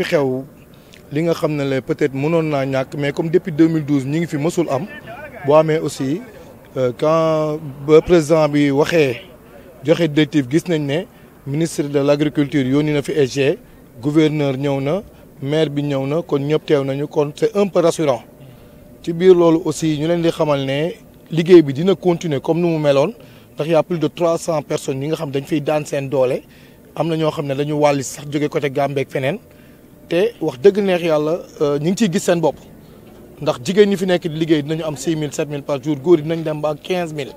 fi xew li nga peut-être mënoon naa mais comme depuis 2012 ñi ngi fi mësul am bo amé aussi euh, quand le président bi waxé joxé directive gis nañ né ministre de l'agriculture yoni na fi SG gouverneur ñëw na maire bi ñëw na kon ñop téw nañu kon c'est un peu rassurant ci biir lolu aussi ñu leen di xamal né liguey bi dina continuer comme ni mu meloon ndax y a plus de 300 personnes yi nga xam dañ fay daan sen doole amna ño xamné xam ne dañu wàlli sax joggé côté Gambie ak te wax deug neex yalla euh, ñu ngi ciy gis seen bopp ndax jigeen ñi fi nekk di liggéey dinañu am 6000 7000 par jour goor yi dinañ dem ba 15 000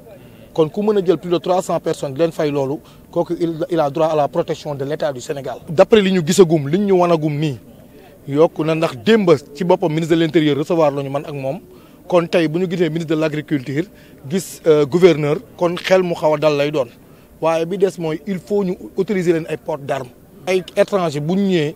kon ku mëna jël plus de 300 personnes di leen fay loolu kooku il a droit à la protection de l'État du Sénégal. D'après après li ñu gisagum li ñu wanagum nii yokku na ndax demba ci bopam ministre de l'Intérieur, recevoir lañu man ak mom kon tay bu ñu gisee ministre de l'Agriculture, gis euh, gouverneur kon xel mu xawa dal lay doon waaye bi des mooy il faut ñu autoriser leen ay porte d'armes. ay étranger bu ñu ñëwee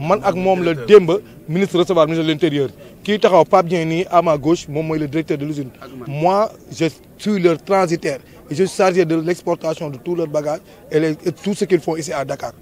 man ak mom ministre recevoir de l'intérieur qui taxaw pap bien ni à ma gauche mom moy le directeur de l'usine moi je suis leur transitaire et je suis chargé de l'exportation de tous leurs bagages et, et tout ce qu'ils font ici à Dakar